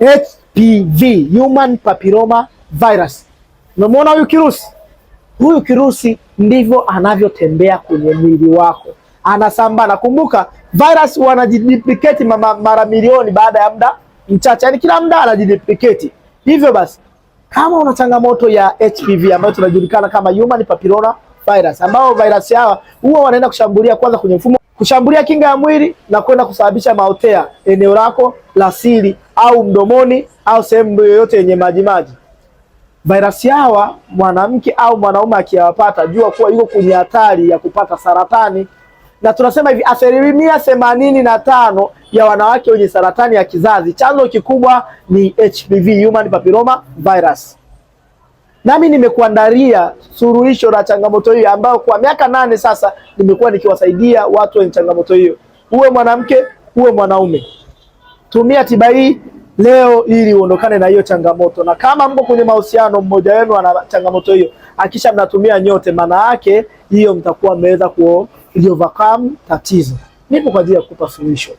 HPV, human papilloma virus. Unamwona huyu kirusi? Huyu kirusi ndivyo anavyotembea kwenye mwili wako, anasambaa. Nakumbuka virus wanajidiplicate mara milioni baada ya muda mchache, yaani kila muda anajidiplicate. Hivyo basi kama una changamoto ya HPV ambayo tunajulikana kama human papilloma virus, ambao virus hawa huwa wanaenda kushambulia kwanza kwenye mfumo, kushambulia kinga ya mwili na kwenda kusababisha maotea eneo lako la siri au mdomoni au sehemu yoyote yenye majimaji. Vairasi hawa mwanamke au mwanaume akiyapata, jua kuwa yuko kwenye hatari ya kupata saratani, na tunasema hivi asilimia themanini na tano ya wanawake wenye saratani ya kizazi chanzo kikubwa ni HPV, human papilloma virus. Nami nimekuandalia suluhisho la changamoto hiyo ambayo kwa miaka nane sasa nimekuwa nikiwasaidia watu wenye changamoto hiyo, uwe mwanamke uwe mwanaume. Tumia tiba hii leo ili uondokane na hiyo changamoto. Na kama mko kwenye mahusiano, mmoja wenu ana changamoto hiyo, akisha mnatumia nyote, maana yake hiyo mtakuwa mmeweza ku overcome tatizo. Nipo kwa ajili ya kukupa suluhisho.